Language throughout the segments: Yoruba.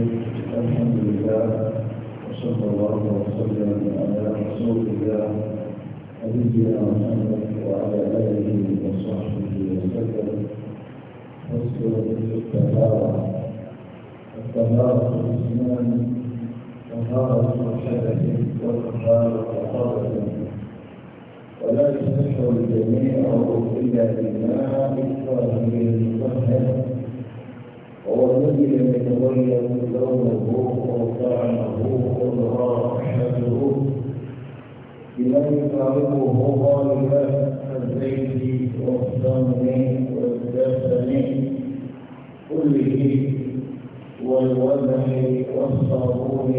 الحمد لله وصلى الله وسلم على رسول الله نبينا محمد وعلى اله وصحبه وسلم وسلم الطهاره الطهاره في الاسلام طهاره الحدث والطهاره طهاره ولا يصح الجميع الا بما بالماء الطاهر المطهر وهو الذي لم يتغير لونه وطعمه ورائحته بمن يفارقه غالبا الزيت والسمن والدفن كله والوضع والصابون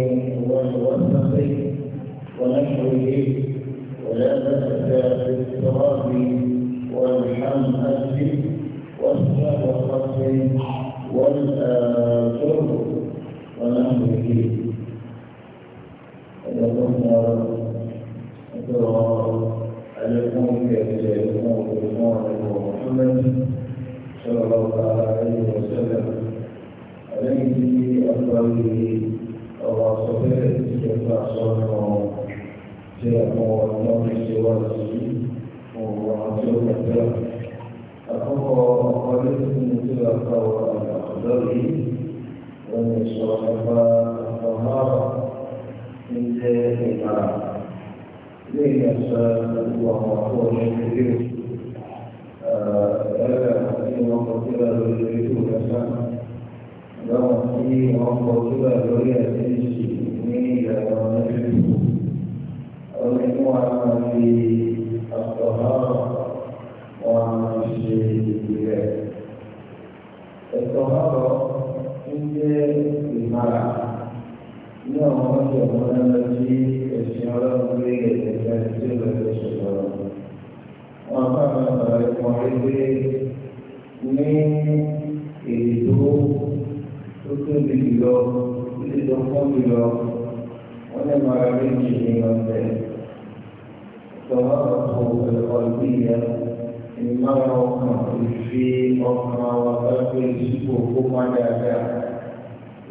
والوسخ ونحوه ولا بأس والحمأة والسلطة والآخرة ونحن به ولكن أدرى عليكم بأجلكم بإمامكم محمد صلى الله عليه وسلم عليه أفضل الله صبر استغفار صلى سيكون والنور سوى السجود وعزوه الدرب أخبر قلت من تلك قدره وأن يصرف الطهارة من زيت الحرام ليس وهو الكبير هذا حكيم وقتل الرجل كسام لو حكيم وقتل الرجل تنسي ميلا ونجده أو في الطهارة ìtọ́mọ́tọ́ ń ìmàrà ní àwọn ọmọdé ọmọdé lọ sí ẹ̀sìn ọlọ́run lé ẹ̀sìn ẹ̀sìn ìlọ́dẹ ṣùgbọ́n wọn bá wọn sọ̀rọ̀ ẹ̀kọ́ ẹgbẹ́ ní èyí tó tó tóbi jùlọ títí tó fún jùlọ wọn lè máa rí ìjìnlẹ̀ ọ̀sẹ̀ ìtọ́mọ́tọ́ tó ẹ̀kọ́ ìgbéyàwó ìmọ̀ràn ọkàn ìfi ọkàn wa bá pé ìsìnkú kó má dáadáa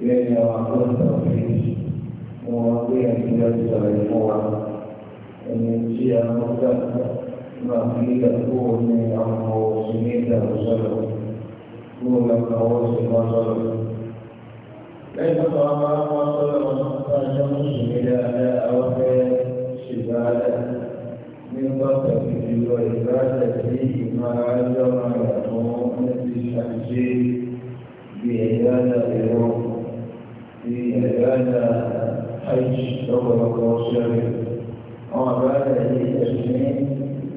lẹ́yìn àwọn akọ́ńtà òfin mo wá pé ẹ̀sìn lọ́dún sọ̀rọ̀ ìfún wa ẹni tí a mọ̀ gbà máa fi ẹ̀kọ́ ní àwọn òsì ní ìdàgbọ́ sọ̀rọ̀ kó o lọ kà ó sì sọ̀rọ̀. lẹ́yìn tó kọ́ àwọn ọmọ sọ̀rọ̀ wọn bá jẹ́ mùsùlùmí dáadáa àwọn fẹ́ ṣègbà dáadáa. nígbàtà tí ìlọ ìgbàtà tí ìmọ̀-ayọ́ ara fún ẹbí ṣàṣe bí ẹ̀yáda ẹ̀rọ bí ẹ̀yáda hajj lọ́pọ̀lọpọ̀ ṣẹlẹ̀. àwọn àbáyá yìí ẹ̀sìn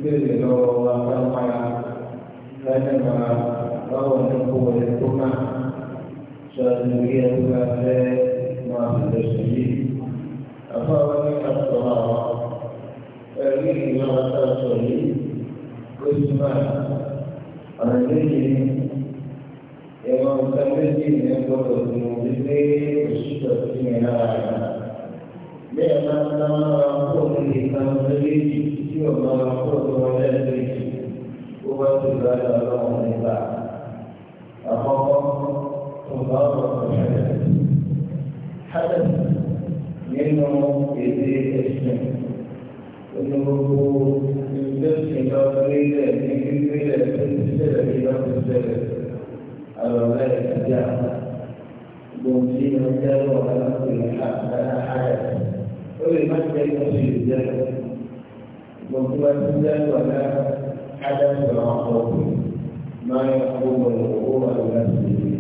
bèrè lọ́wọ́ wa pápára lẹ́yìn máa báwọn nípò ẹ̀kọ́ náà ṣáájú bí ẹ̀kọ́ náà fẹ́ máa bẹ̀rẹ̀ sí yìí. àfọwọ́ ní àtọ̀ àwọn. ẹ̀rí ìyọ̀n àtàtọ̀ yìí ó ti máa ọ̀nà méjì ní ẹ̀rọ nǹkan méjì ní gbọ́dọ̀ tó mọ̀ wípé òṣìṣẹ́ sí mi lára rẹ̀. Bẹ́ẹ̀ máa ń ná máa kó nílé kan méjì tí ò máa kó lọ lẹ́ẹ̀kejì ó bá ti bá lọ lọ́wọ́ nígbà. Àkọ́kọ́ tó bá wọ̀ ọ́ ṣẹlẹ̀. Hádẹ́ nínú èdè وجمهور من تسمى قبيلة من قبيلة تسلسلة إلى تسلسلة على ذلك الجامعة ومسيح مجال وعلى كل حياة ولما كان يصير الجنة وكما تزال ولا حدث معقول ما يقوم الوقوع على نفسه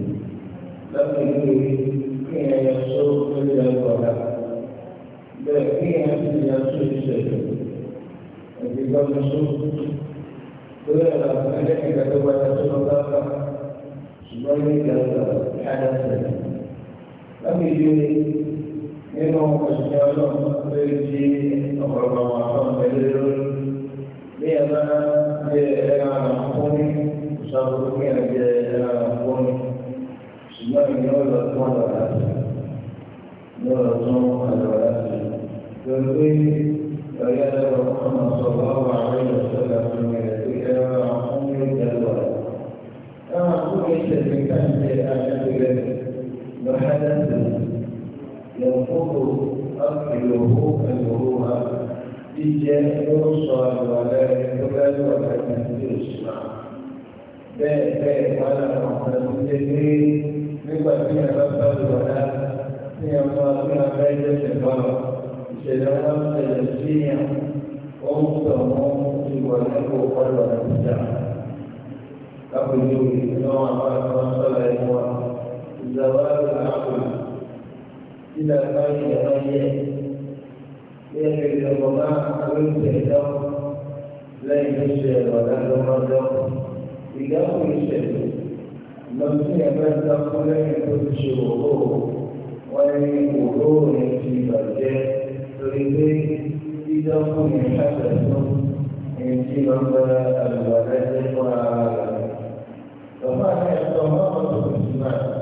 لم يكن فيها يصور إلا الولاء بل فيها يصير الشرك ìgbà mọ́sọ́ lórí ọ̀rọ̀ ẹlẹ́kẹ̀kẹ́ tó wáyé tó lọ bá bá ṣùgbọ́n ní ìgbà ọ̀rọ̀ ìhádà sẹ́yìn. lábìlì nínú òṣìṣẹ́ ọlọ́run lórí ti mọ́tò mọ́tò ìwọlé kò kọ́lọ̀ níjà. Lápẹ̀lú ìdánwò àwọn sọ̀rọ̀ ẹ̀wọ̀ ìjọba àgbà ìdá báyìí ẹ̀rọ yẹ. Yẹ kí ìjọba máa ń gbé ìdáwó lẹ́yìn tó ṣe ẹ̀rọ lọ́dọ́mọdọ́. Ìdáwó ìṣẹ̀lẹ̀ lọ́sí ẹ̀fẹ́ dákú lẹ́yìn tó ti ṣe òwò wọ́n ní òwò rẹ̀ ti bàjẹ́ torí pé لهم حدث انتبه الولد وعالم فما الطهارة الإسلام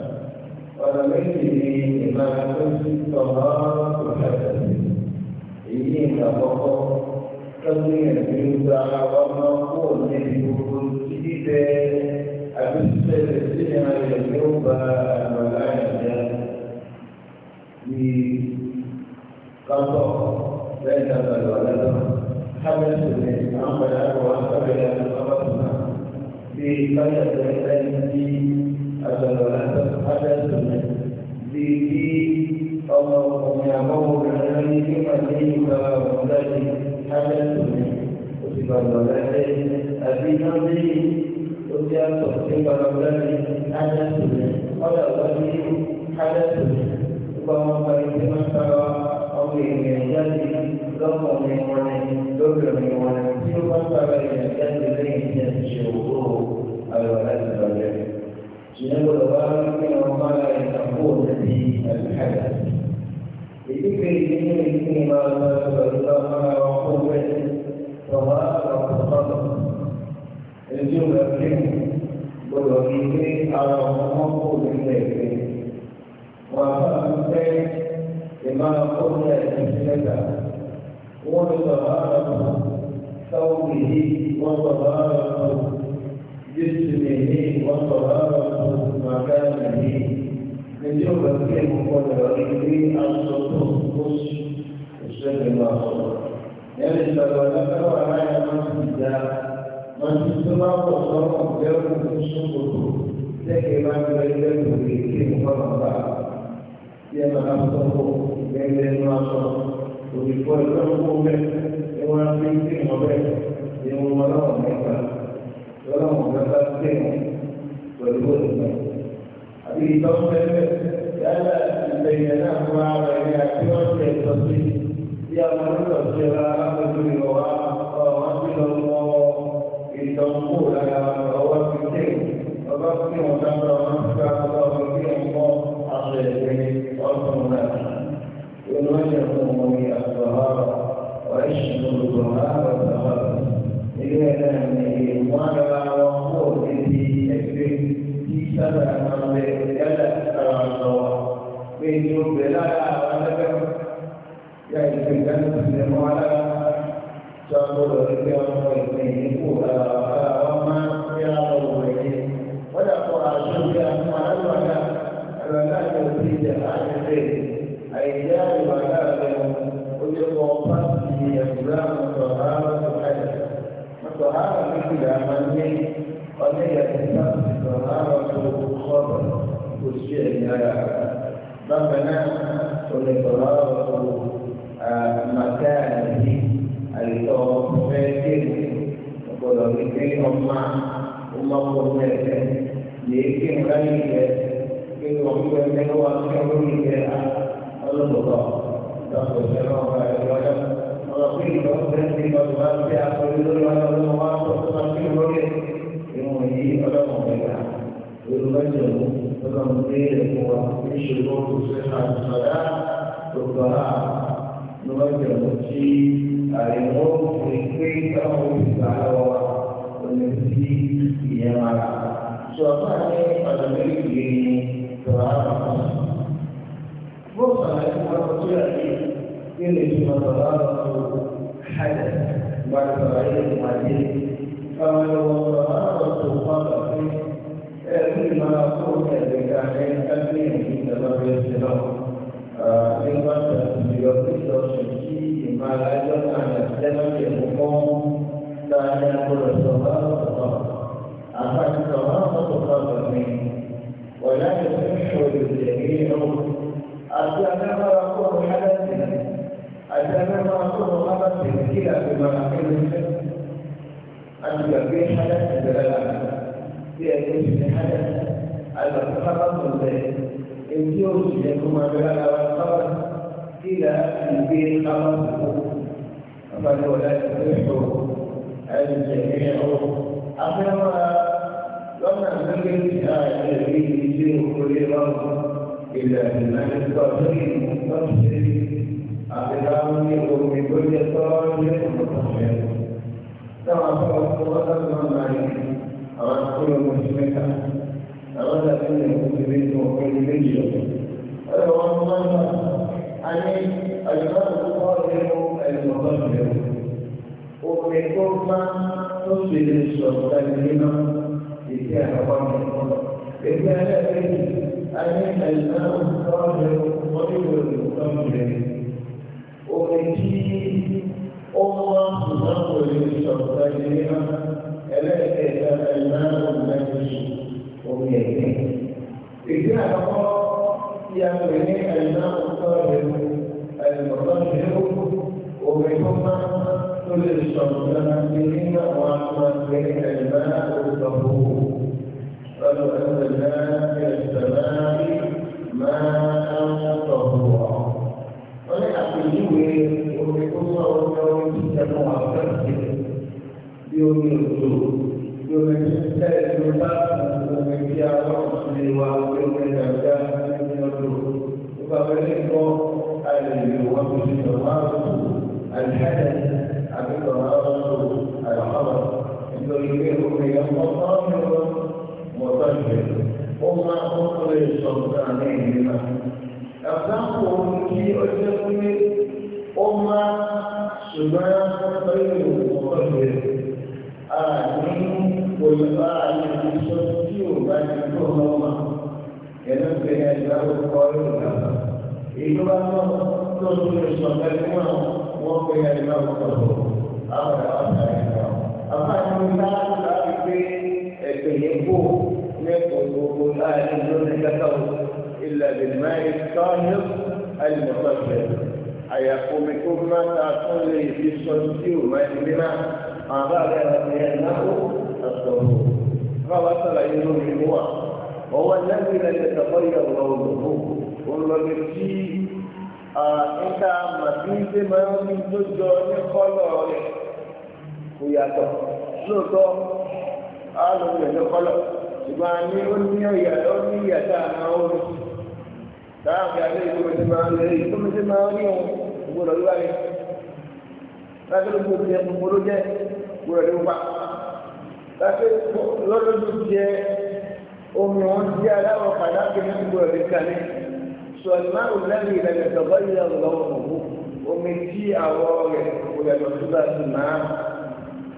وليس ما تجد طهارة حدث إليك فقط تضيع يدعى ومقول يقول كذبة أبسط الدنيا اليوم الملائكة لقضاء sai ta da wala da haɓar su ne an bada ruwa saboda da haɓar su na bi bayar da ɗanyi a zalwala da haɓar su ne bi bi ọmọ ọmọ àbọ̀wọ̀ rẹ̀ ní kí pàdé ìgbà ọ̀gá ni haɓar su ne ó ti bàbá rẹ̀ àbí náà ní ó ti àtọ̀ sí bàbá rẹ̀ ní haɓar su ne ọ̀dà wọ́n ní haɓar su ne gbogbo àwọn ọmọ ìgbìmọ̀ sára ọ̀gbìn ìrìn jáde lọ́kùnrin wọn ni lóbìnrin wọn ni tí ó bá ń bára ìrìn jáde lẹ́yìn tí a ti ṣe òwúrò àlọ́ láti bàjẹ́. ìyẹn gbọ́dọ̀ bá ń gbé wọn bá ara ìtàkùn òtẹ́tì àlùkáyà. èyí kejì nínú ìpín máa ń lọ pẹ̀lú láwọn ọkọ̀ wẹ̀ tọ̀wá àkọ́kọ́. ẹni tí ó bá ń gbé gbọ́dọ̀ ní pé ara ọkọ̀ kò ní لما قلنا الأمثلة وتطهارة ثوبه وطهارة جسمه وطهارة مكانه نجوم الكلمة والرغيب الصدور قص الشيخ الله صدر يعني سبب على مسجد مسجد ما وصلوا بيوم الصدور لكن ما بين الكلمة والرغيب dia mengatakan dia merasa lebih kuat dari kita, dia orang tinggi hebat, dia orang mereka, orang mereka tinggi, berbeza. Abi itu sebab ada bayangan orang yang aktif seperti dia merasa secara berdua orang tidak itu pula orang tinggi, orang tinggi orang mereka orang tinggi orang asli. الصلاة ونجد لي الطهارة وأشهد الطهارة خلص إلى أن وعلى وقوته تكبير في سبع مرات جلس على الصلاة من يوم بلا ولد يعني في الجنة المعلى شعور الرجال والميت والشيء ربنا ونقراره مكانه التوفيق وقالوا لكي أمة أمة قرنية لكي غيره كي يحب من هو كبير الله تقول شرف الولد ورقيب وفرد وضغط في أقل الولد ومواقف تقول له إنه يجيب له مكانه ويبجله وتنظيم وفي شروط صحة الصلاة والضراء نوجه في الأمور في كيف أمر على والنبي يمع سؤالي على ملكي ترانا وصل إلى رسولي إلى مرارة حدث بعد رأيه المدير فمن وصل مرارة فقط operational inganta siyasi da shirki malajan a nasarar taimakon ta hanyar kula sauran sauran a kan sauran sauran ne wala da sun shoyi da yau a sanar da kuma halatta a sanar da kuma halatta kila da ma'amalin أن يبين حدث بلا في أجل حدث المتحرم من ذلك يكون بلغ الخبر إلى به الخبر فقد لا يصح الجميع أخيرا وما نجد الذي يجيء كل رب إلا من الصغير المستبشر أخيرا يقوم بكل صالح مستبشر كما قال الله عليه وسلم رسول مسلمك أراد أن يكون منكم كل منكم المنظمة أي المرء القادر المقدر ومن ثم تصبح السلطان لكي أحوال الله إذا أي الماء القادر غير المقدر ومن الله تصبح السلطان ألا الماء المجلس ومن يديه إذا أحوال tí a pè ní àyìnbá ọ̀tọ́ rẹ̀ àyìnbọ̀tọ́ rẹ̀ òwe tó má tó lè sọ̀rọ̀ lọ́la sí nínú àwọn akọ́nà pé àyìnbá ọ̀tọ̀ bò lọ́dọ̀ ẹ̀sẹ̀ náà. ìṣọ̀kan ní ìlera. Ẹ̀fọ́ kí ó jẹ́ pé ó máa ṣùgbọ́n ọ̀rẹ́ ìwọ̀n ọ̀rẹ́ àní olùbá àyẹ̀wò tí ò bá ti tó lọ́wọ́ ẹ̀rọ pé ẹ̀dá ọkọ̀ ìgbà. Ìjọba náà tó ń lè ṣọ̀kan ní wọ́n pé ẹ̀dá ọkọ̀ àwọn àwọn àṣà ìgbà. Àbájáde láti láti gbé ẹ̀pẹ̀ yẹn kó. يقول آه إنهم كفروا إلا بالماء الطاهر المطهر أيقومكم تعقل في الصمت وما بما أعضاء أنه الطهور فوصل إليه هو هو الذي لم يتغير لونه والذي فيه أنت ما مبيت ما من تجار خلاله ويا تو لو تو قالوا له خلاص ṣùgbọ́n a ní ó ní ẹ̀yà ó ní ìyà tá a máa ń rìn táàbí alẹ́ ìgbóhùn ti máa ń lè èyí tó mi ti máa ń rí òun ìgbóhùn lọ́wọ́ rẹ̀ láti ló gbogbo jẹ gbogbo ló jẹ gbogbo rẹ̀ ló wà láti lọ́dún tó jẹ omi wọn ti aláwọ̀ padà kí ní gbogbo rẹ̀ kalẹ̀ sọ̀nà òlẹ́rì ìrẹ̀lẹ̀ tọ̀gbọ́ ìyá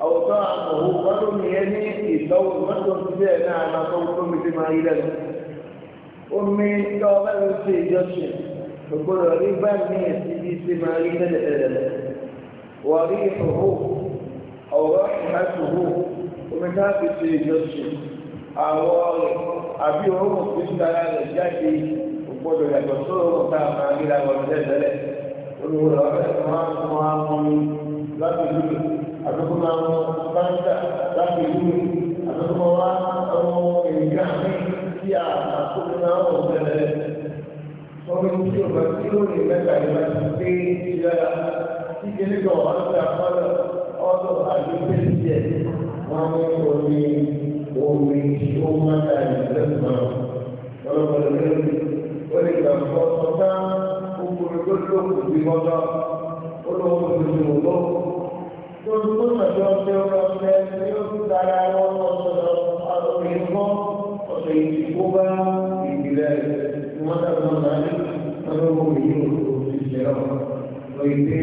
أو طعمه ولم يلي إذو مدن سينا على صوت مثل إلى أمي توبة في جشن فقل ربا من سيدي سماعيل الإلال وريحه أو رحمته ومن هذا في جشن أواري أبي عمر بن سلام الجدي وقل لك صوت سماعيل والجدل قل هو رحمه الله láti dúdú àtọ́kọ́ máa mọ báńkà láti ìlú mi àtọ́kọ́ máa wá àwọn ènìyàn mi tí a àkókò náà wọ̀ bẹ̀rẹ̀ wọ́n fi tí o bá tí o lè mẹ́ta ìgbà tí pé ìlera tí kele kan wà ní àpárá ọ̀dọ̀ àdúgbò tiẹ̀ wọ́n mú omi omi ó má ta ìlẹ́sìn náà lọ́wọ́ lórí ó lè gbà fọ́ ọ̀tá kúkúrú tó lókùn bí wọ́n ó lọ́wọ́ gbogbo ọjọ́ ọjọ́ ọjọ́ ẹgbẹ́ yóò tún dára wọn lọ́sọ̀rọ̀ ọdún ìgbọ́ ọ̀sẹ̀ ìdìbò bá ìgbìlẹ̀ ìmọ̀tàkùnmọ̀tà ní ọdún òkè yóò tó ti ṣe ọ́ lórí pé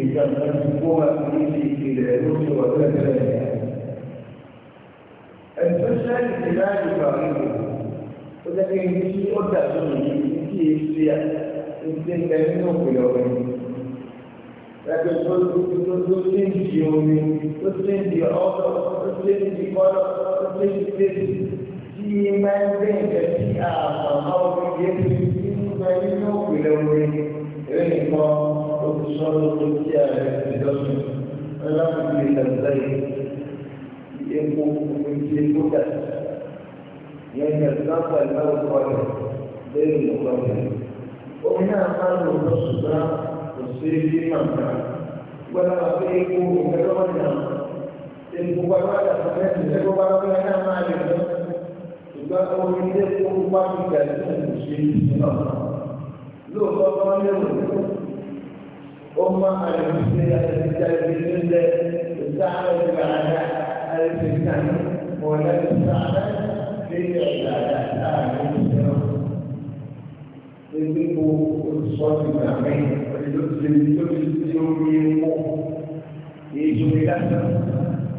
ìjàmbá ìdìbò bá ti ṣe ìgbìlẹ̀ ló ṣe wà lẹ́lẹ̀. ẹ̀sọ́ṣẹ́ ìdílé àyùbá rẹ̀ ó jẹ́ pé ní ó dàbí ní ti èsì à ń gbé nínú òkè ọ̀rẹ́ ẹgbẹ́ tó tó ṣe ń di omi tó ṣe ń di ọ̀dọ́ tó ṣe ń di kọ́lọ́ tó ṣe ń di tẹ́lẹ̀ tí máa ń gbé nǹkan tí àmàmà omi yẹn ti ti ń gba nínú òpìlẹ̀ omi eré nìkan olùsọ lóko tí a rẹ̀ ti dọ́sùn ọlọ́run ti lọ́sẹ̀ yìí epo omi ti epo dà yẹn ní ẹ̀sán pẹ̀lú ọkọ̀ rẹ̀ lẹ́yìn ìkọ̀ọ̀rẹ̀ omi náà máa ń lò lọ́sùn náà. والسيف مكة ولا أطيق كلمنا المباراة فكانت المباراة لنا معرفة تبقى أريد قوة كلمة المسلمين لو تطمنوا أمة على المسلمين التي تستعمل معنا الفتن ولا تستعمل في العبادات التي تستعمل في الصوت الأمين ìrìn tó ti ti omi mọ́ èyí omi dáta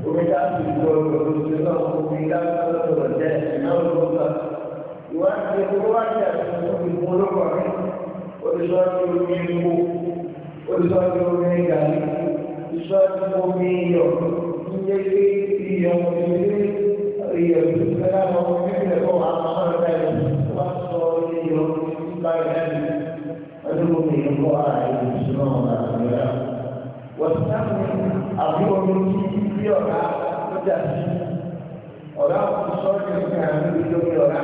omi dáta ìgbọ́ ọ̀rọ̀ tó lọ omi dáta lọ́wọ́ jẹ́ ìnáwó lọ́wọ́ ìwádìí owó wájà tó ti mú lọ́wọ́ mi olùsọ́jú omi mú olùsọ́jú omi gàlí olùsọ́jú omi yọ ilé ilé iyọ̀ ilé iyọ̀ ìfẹ́ láwọn omi ìfẹ́ kọ́ àwọn ọmọ ọ̀rẹ́ wá sọ iyọ̀ nípa ìdájọ́. علوم القرآن والسنة والسمع أبوه من يرى مدرس ọ̀rọ̀ sọ́ọ̀tì ní àdúgbò lórí ọ̀rá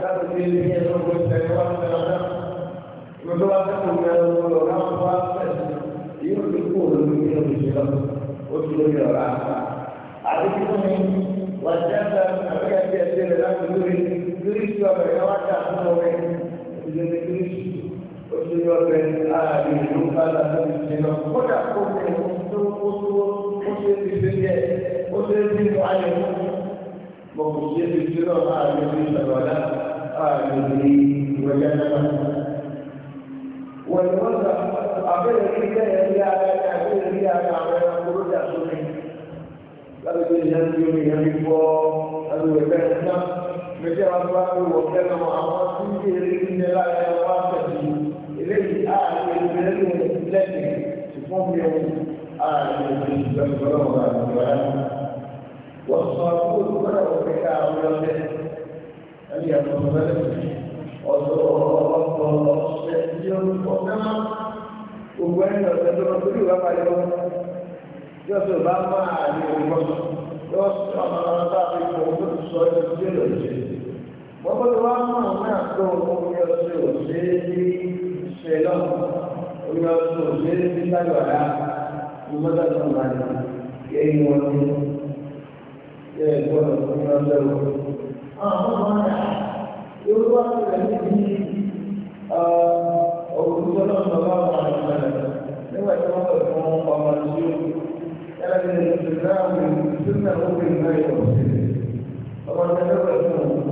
láti fi lè yẹ lọ́gbọ̀n ìṣẹ̀lẹ̀ wá sí ọ̀rá gbogbo wa tó kún mẹ́rin lórí ọ̀rá wọn wá pẹ̀lú yóò fi kú olórí ní oṣù lọ oṣù lórí ọ̀rá. àdúgbò mi wà jẹ́ ẹ̀ka àbíkà tí ẹ ṣe lè láti lórí lórí sí ọ̀rọ̀ yẹn wá dà fún ọ̀rẹ́ ìdílé lórí sí ó ṣe yọ ọbẹ̀ ààrẹ ìlú bàtà tó ti ṣe lọ kódà kó ní ohun tó kó tó ó ṣe ti ṣe yẹ ó ṣe ti mú ayé mọ kò ṣe ti ṣe lọ ààrẹ ìlú ìṣàlọ́lá ààrẹ ìlú ìwẹ̀lẹ́ náà. wọ́n ni wọ́n sọ àbẹ̀rẹ̀ kí lẹ́yìn rí ara ní àbẹ̀rẹ̀ rí ara àwọn ẹranko ló dà sómi. lábẹ́jọ́ ìyẹn ti omi ìyẹn ti fọ́ ẹlòmíràn náà. Mẹ́tẹ́ wa bá wọ fẹ́ràn àwọn tí ń bèèrè nílẹ̀ ààrẹ ìgbẹ́lẹ́ lẹ́sìn ṣùgbọ́n mi ò ààrẹ ìgbẹ́lẹ́ ọ̀gá ìgbà wọ́n sọ àkókò tó bá wọ́n fi ká àwọn ọ̀dẹ́ ẹni àtọ̀ mẹ́lẹ̀ ọ̀dọ́ ọ̀pọ̀ ọ̀sẹ̀ tí ó ń pọ̀ náà gbogbo ẹni ọ̀sẹ̀ tó lọ sórí ìwà pàdé wọn yóò tó bá máa ààrẹ ìgbọ́n yóò sọ ọmọ ọmọ bá fi kọ̀ ó tó sọ ẹni tí ó lọ sí. wọ́n bọ́ tó wá mọ̀ ọ́n náà tó ọmọ ọmọ yóò ṣe òṣèlú ṣe lọ orí ọtún òṣèré ti sáyọ ọ̀dà ní mọ́tò tó wà ní ẹ̀yìn wọn ní ṣe ìgbọ́dọ̀ tó ní ọjọ́ wọn. àwọn ọmọ náà yóò wá sílẹ̀ níbi òkúta náà tó bá wà ní ìgbàlẹ̀ nígbà tí wọ́n bẹ̀rẹ̀ fún ọmọ tí ó yára ní ìṣẹ̀lẹ̀ náà ní ìṣẹ̀lẹ̀ náà ó bẹ̀rẹ̀ náà yọ̀ ọ̀sẹ̀ ọmọ tí wọ́n bẹ̀rẹ̀ fún ọmọ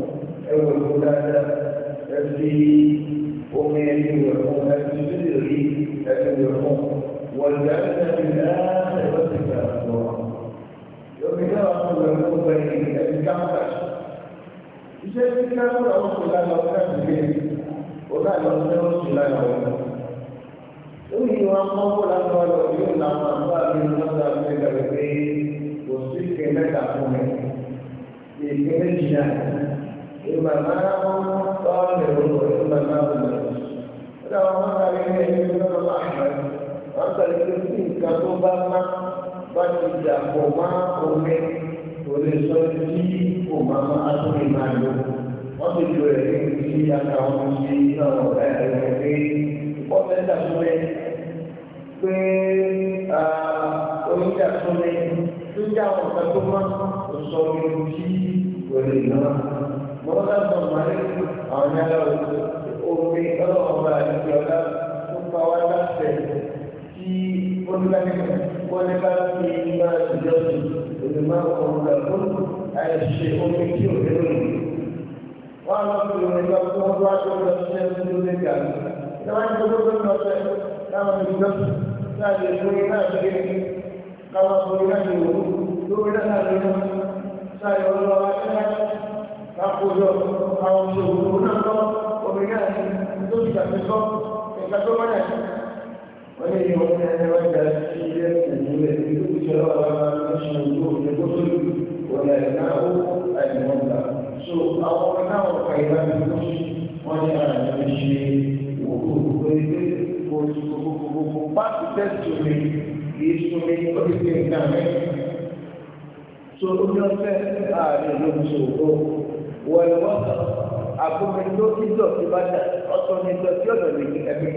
ti dàpọ̀ mọ́ omi òde sọ tí kò máa máa tún lè máa lò wọ́n ti lo ẹ̀rí sí àtàwọn sí náà ọ̀gá ẹ̀rọ pé wọ́n fẹ́ dàtúnlẹ̀ pé onídàtúnlẹ̀ tó já ọ̀gá tó máa sọ omi tí kò lè náà mo bá sọ màálí àwọn yàrá omi ọlọ́ọ̀gá ìjọba tó pa wá láti ẹ̀ tí ó ní láti mọ̀ wọ́n ní ká fi máa jùlọ sí èdè máa kọ̀ ọ̀gá fún àìṣe omi tí ò lérò yìí. wọ́n á lọ sí omi lọ sí wọ́n bá tó lọ sí ẹni tó lé gà. ìjọba ní gbogbo tó ń lọ sẹ́ káwọn ní jọ náà káwọn fún iná lórí náà lè mú sáyẹ ọlọ́wọ́ akẹ́kọ̀ọ́ lápòjọ àwọn òṣèlú náà náà tó wọ́n ní wọ́n ní wọ́n dá sí ẹ̀sìn ilé ìlú ìṣẹ́lẹ̀ ọ̀ṣun ìlú ìlú tó wọ́n lè ná owó àìmọ́ gbà. so àwọn ọmọ náà wọ́n pa ìlà ní kó wọ́n ní ara ní ṣe òkú pé kòkòkòkò pàṣẹ tẹ̀sí mi kì í sún mi ó ti fi nǹkan mi. so omi ọ̀fẹ́ ààrẹ ló ń ṣòro wọ́n ni wọ́n sọ àkómi tó kí dọ̀tí bá dà ọ̀tọ̀ ni dọ̀tí ọ̀dọ̀ lè ní ẹ̀mí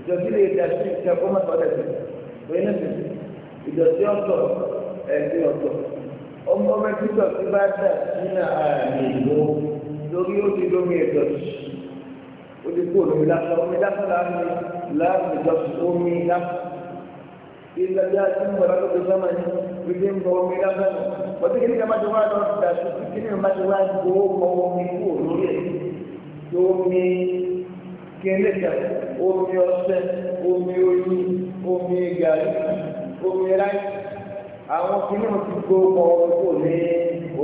ìdọ̀tí lè dàtí ìṣẹ́kọ́ mọ́tò ọ̀dẹ̀dẹ̀ lóyún náà tẹ̀sí ìdọ̀tí ọ̀tọ̀ ẹ̀sìn ọ̀tọ̀ ọmọ ọmọ ẹtí dọ̀tí bá dà nínú ààrẹ ìlú lórí ó ti lómi ìdọ̀tí ó ti kó omi lásán omi lásán láàmì láàmì ìdọ̀tí omi lásán ilẹ̀ bí a ti ń bọ̀ lọ́dọ̀ tó sọ́mọ ní wípé ń bọ omi lásán wọ́n kí ní ẹ̀ omi ọṣẹ omi oyin omi gàrí omi ráì àwọn kìnnìún ti gbó mọ ọkọ ní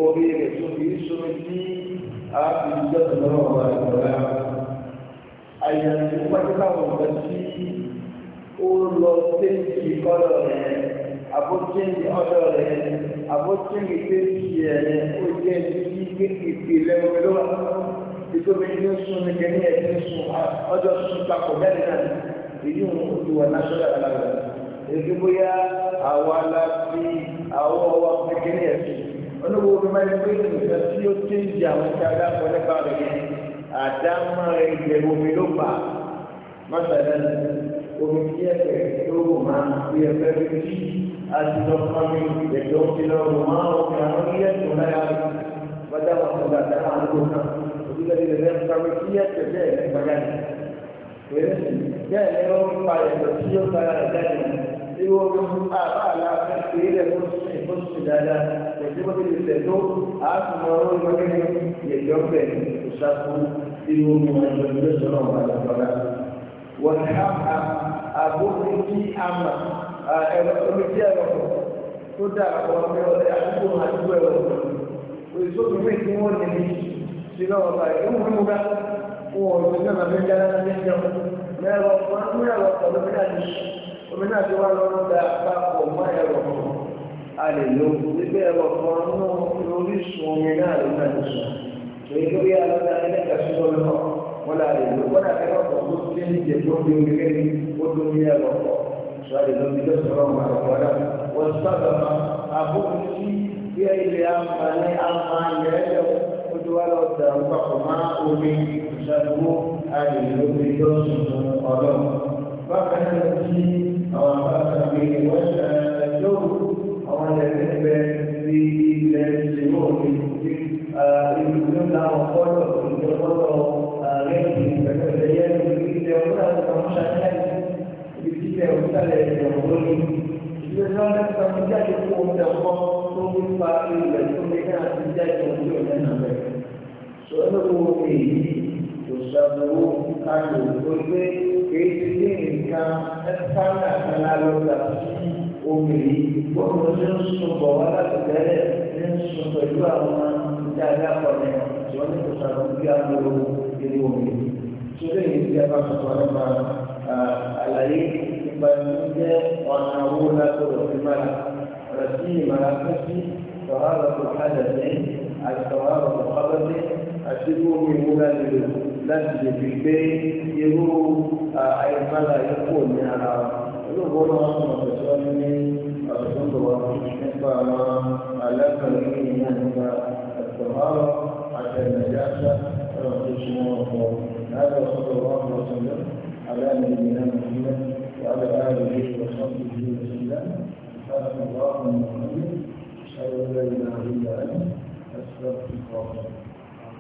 orí rẹ̀ tó fi sómi tí àbíjọ tọrọ wà lọ́la àyàn tó pàṣẹ káwọn ọ̀gá tí ó lọ séèkì kọ́lọ̀ rẹ̀ àbójẹ́ni ọ̀dọ̀ rẹ̀ àbójẹ́ni pé tiẹ̀ rẹ̀ ó jẹ́ ní kékeré lẹ́wọ̀n ìtòmí ní sùn ní kẹ́ni ẹ̀ ní sùn ọjọ́ sùn papọ̀ bẹ́ẹ̀ náà èyí ń ìwà national alága èyí bóyá àwọn aláfi àwọn ọwọ́ kẹ́ni ẹ̀ sùn onígbò wọn máa ń gbé ìgbésẹ̀ tí ó ti ń di àwọn tí a dá pọ̀ nípa rẹ̀ yẹn àdámọ́ rẹ̀ ìgbẹ́ omi ló fà mọ́tàlá omi tí ẹ̀fẹ̀ tó wò máa fi ẹ̀fẹ̀ fi tí àti lọ́kọ́ni ẹ̀jọ́ ti lọ́rùn máa ń fi àwọn ilé ẹ̀sùn lára bàtà wà fún bàtà àwọn àgbo náà ìdílé ilẹ̀ rẹ̀ nípa pé kí ẹ̀sẹ̀ bẹ́ẹ̀ ní gbàgádì. Bẹ́ẹ̀ ni ó ń pa ẹ̀sọ̀ tí ó fara rẹ̀ jáde. Iwọ ló ń bá àbá àlá fẹ́ pé ilẹ̀ tó sùn tó sùn dáadáa. Ẹ̀sìn bó ti lè tẹ̀ tó àásùnmọ̀ owó ìgbàgẹ́ni ìyẹ̀jọ́ bẹ̀ kò sáfù iwọ mú ẹ̀jọ̀ ìlú sọ̀rọ̀ wà lọ́dọ̀ọ́dá. Wọ́n ká àbókù kí a mà ẹ̀rọ omi díẹ̀ lọ́kọ̀ọ́ tó dára ọ̀rọ̀ mi ọ̀rẹ́ àdúgbò àdúgbò ẹ̀rọ òṣèlú mi tí wọ́n lè ní sílẹ̀ ọ̀la ìlú fún wa fún ọ̀rọ̀ náà máa fi dáná ní ẹ̀jẹ̀ mẹ́rọ máa ń yàrá ọ̀pọ̀ lómi náà ní omi náà ti wá lọ́rùn da papọ̀ mọ́ ẹ̀rọ kan a lè lo wípé ẹ̀rọ kan nínú orísun omi náà ló náà ti sùn èyí tó yà lọ́dà ẹlẹ́gàsí lọ́lọ́ wọn là lè lo wọn àti ẹ̀rọ kan tó ti ń jẹ tó fi omi kéde ó tó ní ẹ̀rọ kan sọ àlè lómi lọ́sọ̀rọ̀ wọn àkọ́dá wọ́n sábà máa abókùn sí bí ilẹ̀ àǹfààní àǹfààní ẹ̀rọ lọ dàrú papọ̀ mọ́ omi ìṣàdúró àyèlò ìjọ tuntun ọ̀dọ́. bákan náà tí àwọn àbáta mi wọ́n ṣàjọ àwọn ẹ̀rẹ́ bẹ sí ilẹ̀ ìṣèlú òní sí ìlú tó láwọn fọ́lọ̀ ìjọpọ̀lọ̀ lẹ́yìn ìgbẹ́jọ́ lẹ́yẹ lórí ilẹ̀ òkúta tó ń ṣàṣàyè ibi tí ilẹ̀ òkúta lẹ̀ ìjọba lórí. ìgbésẹ̀ wọn lẹ́sẹ̀ tó ń jáde fún oúnjẹ ọkọ̀ tó ń fa ilẹ̀ tó lé náà ti jáde òkúta lẹ́nà bẹ́ẹ̀. sọ́dọ̀ èyí kò ṣàbẹ̀wò ayò tó gbé kéde ní nǹkan ẹ̀fáàlà kala ló ga omi gbọ́dọ̀ ní ń sùn bọ̀ wá láti bẹ̀rẹ̀ ní ń sùn pẹ̀lú àwọn ìdájá kọ̀ọ̀nẹ́ tí wọ́n ní kò ṣàbẹ̀wò bí agbóró nínú omi sọ́dọ̀ èyí tí a bá sọ̀rọ̀ nípa àlàyé nípa ìjẹ́ ọ̀nà owó látọ̀rọ̀ sí mara rẹ̀ sí ìmọ̀ràn fẹ́ sí sọ̀rọ̀ àlọ́ àti gbogbo ìmúra lílo láti lè fi gbé irú àìbára yẹpọ ní ara olóògbé náà wọn kò sọ ní àtúntò wa nípa àwọn alákàlẹ́ ìmọ̀ nípa àtọ̀hárọ̀ àti ẹ̀nàjáṣá ọ̀rọ̀ tó ṣe wọn kọ láti ọ̀sọ̀tọ̀ wa kò sọ lọ aláàmì ìmọ̀ nípa وعلى آله وصحبه وسلم سبحانك اللهم وبحمدك أشهد أن لا إله إلا أنت أستغفرك وأتوب إليك